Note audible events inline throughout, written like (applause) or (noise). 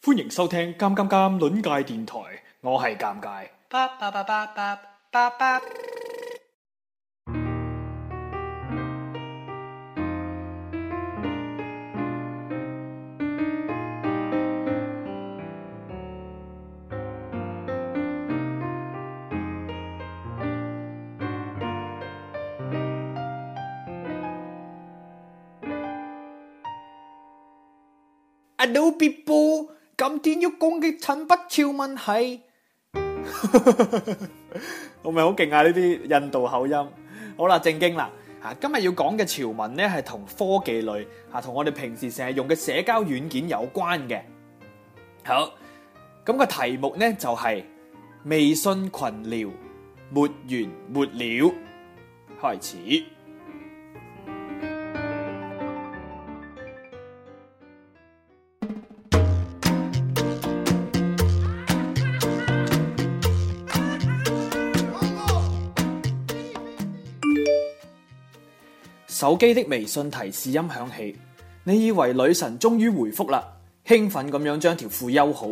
歡迎收聽《尷尷尷》尷尬論界電台，我係尷尬。I know people. 今天要攻擊陳北潮聞係，我咪好勁啊！呢啲印度口音，好啦，正經啦，啊，今日要講嘅潮文咧係同科技類，啊，同我哋平時成日用嘅社交軟件有關嘅。好，咁個題目咧就係微信群聊沒完沒了，開始。手機的微信提示音響起，你以為女神終於回覆啦，興奮咁樣將條褲休好，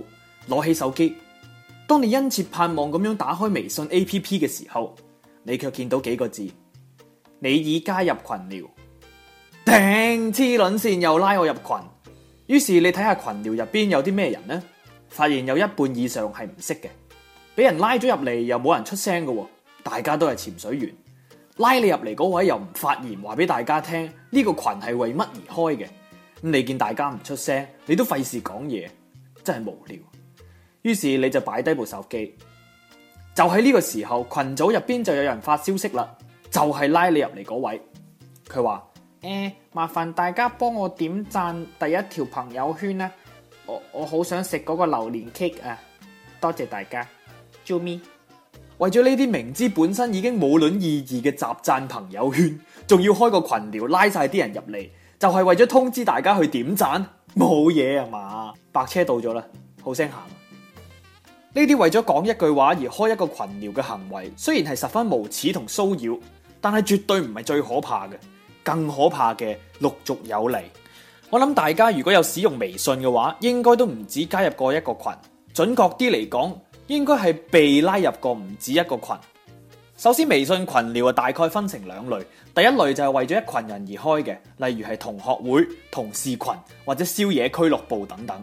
攞起手機。當你殷切盼望咁樣打開微信 App 嘅時候，你卻見到幾個字，你已加入群聊。頂黐卵綫又拉我入群，於是你睇下群聊入邊有啲咩人呢？發現有一半以上係唔識嘅，俾人拉咗入嚟又冇人出聲嘅，大家都係潛水員。拉你入嚟嗰位又唔發言，話俾大家聽呢個群係為乜而開嘅。你見大家唔出聲，你都費事講嘢，真係無聊。於是你就擺低部手機。就喺呢個時候，群組入邊就有人發消息啦，就係拉你入嚟嗰位。佢話：誒，麻煩大家幫我點讚第一條朋友圈啦。我我好想食嗰個榴蓮 cake 啊，多謝大家，祝咪為咗呢啲明知本身已經冇卵意義嘅集贊朋友圈，仲要開個群聊拉晒啲人入嚟，就係為咗通知大家去點贊，冇嘢啊嘛！白車到咗啦，好聲行啊。呢啲為咗講一句話而開一個群聊嘅行為，雖然係十分無恥同騷擾，但係絕對唔係最可怕嘅。更可怕嘅陸續有嚟。我諗大家如果有使用微信嘅話，應該都唔止加入過一個群。準確啲嚟講。應該係被拉入過唔止一個群。首先，微信群聊啊，大概分成兩類。第一類就係為咗一群人而開嘅，例如係同學會、同事群，或者宵夜俱樂部等等。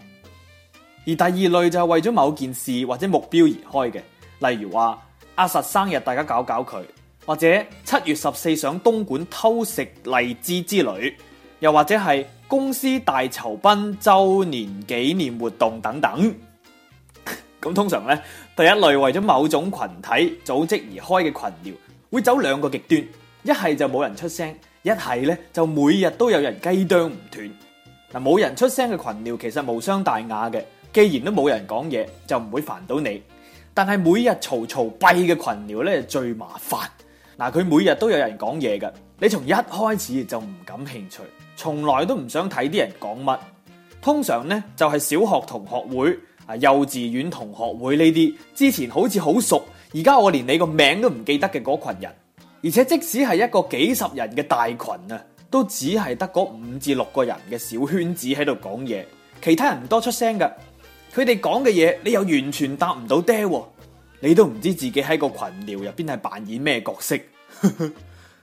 而第二類就係為咗某件事或者目標而開嘅，例如話阿實生日大家搞搞佢，或者七月十四上東莞偷食荔枝之旅，又或者係公司大酬賓周年紀念活動等等。咁通常咧，第一類為咗某種群體組織而開嘅群聊，會走兩個極端，一係就冇人出聲，一係咧就每日都有人雞啄唔斷。嗱，冇人出聲嘅群聊其實無傷大雅嘅，既然都冇人講嘢，就唔會煩到你。但係每日嘈嘈閉嘅群聊咧，最麻煩。嗱，佢每日都有人講嘢嘅，你從一開始就唔感興趣，從來都唔想睇啲人講乜，通常咧就係、是、小學同學會。啊！幼稚園同學會呢啲之前好似好熟，而家我連你個名都唔記得嘅嗰群人，而且即使係一個幾十人嘅大群啊，都只係得嗰五至六個人嘅小圈子喺度講嘢，其他人唔多出聲㗎。佢哋講嘅嘢你又完全答唔到爹，哦，你都唔知自己喺個群聊入邊係扮演咩角色。 (laughs)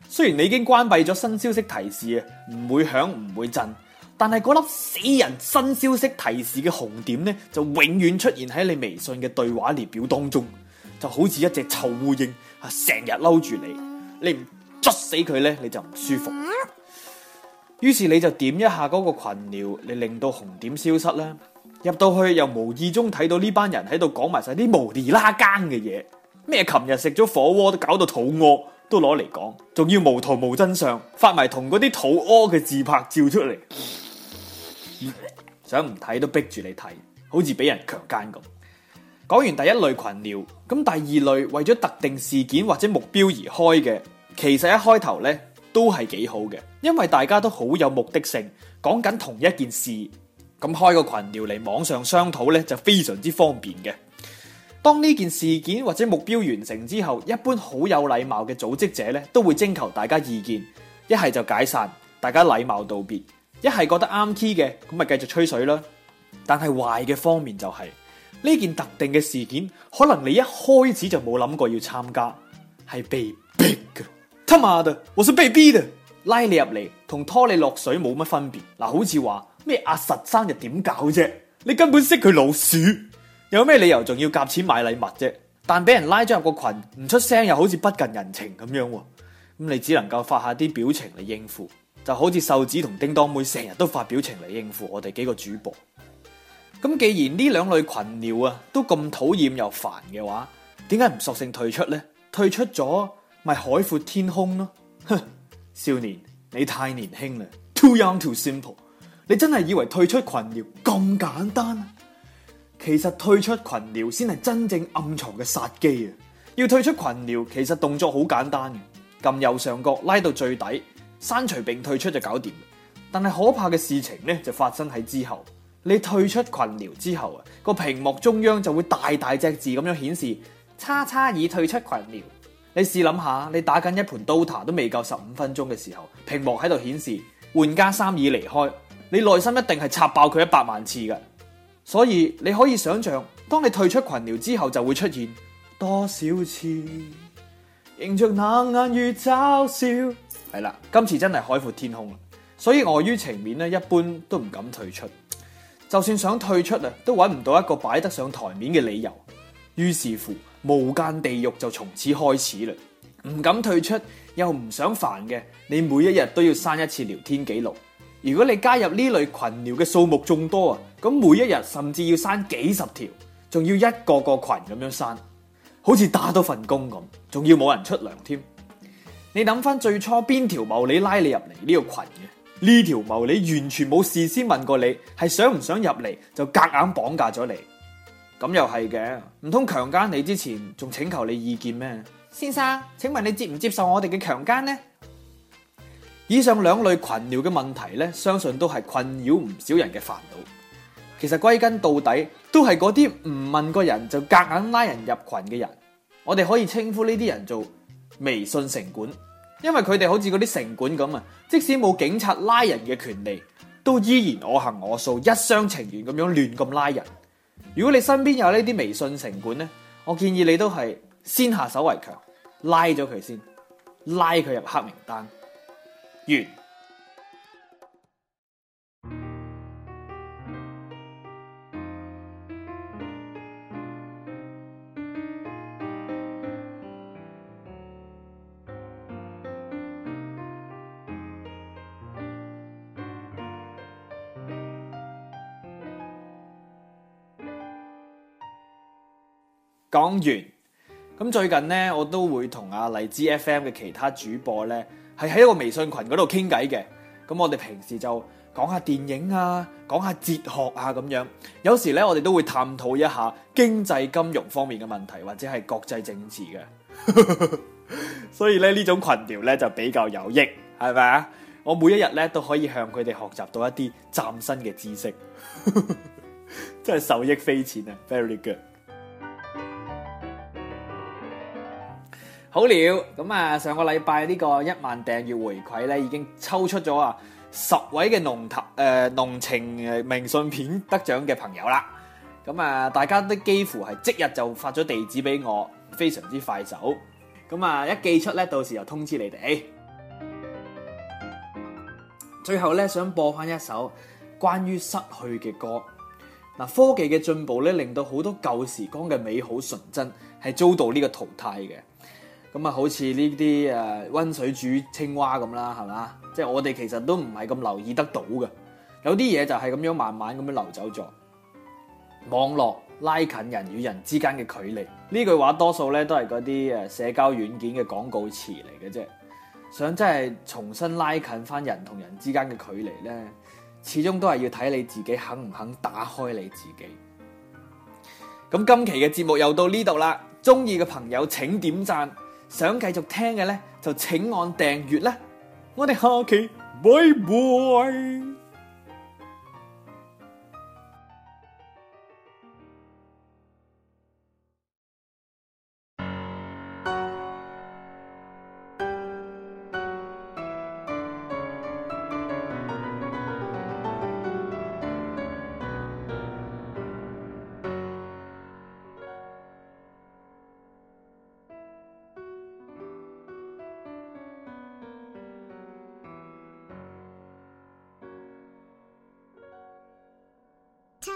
雖然你已經關閉咗新消息提示啊，唔會響唔會震。但係嗰粒死人新消息提示嘅紅點咧，就永遠出現喺你微信嘅對話列表當中，就好似一隻臭烏蠅，啊成日嬲住你，你唔捽死佢咧，你就唔舒服。於是你就點一下嗰個群聊，你令到紅點消失啦。入到去又無意中睇到呢班人喺度講埋晒啲無厘啦更嘅嘢，咩琴日食咗火鍋都搞到肚屙，都攞嚟講，仲要無圖無真相，發埋同嗰啲肚屙嘅自拍照出嚟。想唔睇都逼住你睇，好似俾人強姦咁。講完第一類群聊，咁第二類為咗特定事件或者目標而開嘅，其實一開頭呢都係幾好嘅，因為大家都好有目的性，講緊同一件事，咁開個群聊嚟網上商討呢，就非常之方便嘅。當呢件事件或者目標完成之後，一般好有禮貌嘅組織者呢，都會徵求大家意見，一係就解散，大家禮貌道別。一係覺得啱 key 嘅，咁咪繼續吹水啦。但係壞嘅方面就係、是、呢件特定嘅事件，可能你一開始就冇諗過要參加，係被逼噶他媽的，我是被逼的，拉你入嚟同拖你落水冇乜分別。嗱，好似話咩阿實生日又點搞啫？你根本識佢老鼠，有咩理由仲要夾錢買禮物啫？但俾人拉咗入個群，唔出聲又好似不近人情咁樣。咁你只能夠發下啲表情嚟應付。就好似瘦子同叮當妹成日都發表情嚟應付我哋幾個主播。咁既然呢兩類群聊啊都咁討厭又煩嘅話，點解唔索性退出呢？退出咗咪海闊天空咯。哼，少年，你太年輕啦，too young too simple。你真係以為退出群聊咁簡單啊？其實退出群聊先係真正暗藏嘅殺機啊！要退出群聊，其實動作好簡單，撳右上角拉到最底。刪除並退出就搞掂，但係可怕嘅事情咧就發生喺之後。你退出群聊之後啊，個屏幕中央就會大大隻字咁樣顯示叉叉已退出群聊。你試諗下，你打緊一盤 Dota 都未夠十五分鐘嘅時候，屏幕喺度顯示玩家三已離開，你內心一定係插爆佢一百萬次嘅。所以你可以想象，當你退出群聊之後就會出現多少次，迎著冷眼與嘲笑。係啦，今次真係海闊天空，所以礙、呃、於情面咧，一般都唔敢退出。就算想退出啊，都揾唔到一個擺得上台面嘅理由。於是乎，無間地獄就從此開始啦。唔敢退出，又唔想煩嘅，你每一日都要刪一次聊天記錄。如果你加入呢類群聊嘅數目眾多啊，咁每一日甚至要刪幾十條，仲要一個個群咁樣刪，好似打到份工咁，仲要冇人出糧添。你諗翻最初邊條茂利拉你入嚟呢個群嘅？呢條茂利完全冇事先問過你係想唔想入嚟，就夾硬綁架咗你。咁又係嘅，唔通強姦你之前仲請求你意見咩？先生，請問你接唔接受我哋嘅強姦呢？以上兩類群聊嘅問題咧，相信都係困擾唔少人嘅煩惱。其實歸根到底，都係嗰啲唔問個人就夾硬拉人入群嘅人。我哋可以稱呼呢啲人做。微信城管，因為佢哋好似嗰啲城管咁啊，即使冇警察拉人嘅權利，都依然我行我素，一廂情願咁樣亂咁拉人。如果你身邊有呢啲微信城管呢，我建議你都係先下手為強，拉咗佢先，拉佢入黑名單，完。講完咁最近咧，我都會同阿荔枝 FM 嘅其他主播咧，係喺一個微信群嗰度傾偈嘅。咁我哋平時就講下電影啊，講下哲學啊咁樣。有時咧，我哋都會探討一下經濟金融方面嘅問題，或者係國際政治嘅。 (laughs) 所以咧，呢種群聊咧就比較有益，係咪啊？我每一日咧都可以向佢哋學習到一啲嶄新嘅知識， (laughs) 真係受益匪淺啊！Very good。好了，咁啊，上個禮拜呢個一萬訂閱回饋咧，已經抽出咗啊十位嘅濃頭誒濃情誒明信片得獎嘅朋友啦。咁啊，大家都幾乎係即日就發咗地址俾我，非常之快手。咁啊，一寄出咧，到時就通知你哋。最後咧，想播翻一首關於失去嘅歌。嗱，科技嘅進步咧，令到好多舊時光嘅美好純真係遭到呢個淘汰嘅。咁啊，好似呢啲誒温水煮青蛙咁啦，係嘛？即係我哋其實都唔係咁留意得到嘅，有啲嘢就係咁樣慢慢咁樣流走咗。網絡拉近人與人之間嘅距離呢句話，多數咧都係嗰啲誒社交軟件嘅廣告詞嚟嘅啫。想真係重新拉近翻人同人之間嘅距離咧，始終都係要睇你自己肯唔肯打開你自己。咁今期嘅節目又到呢度啦，中意嘅朋友請點贊。想繼續聽嘅呢，就請按訂閱啦！我哋下期，拜拜。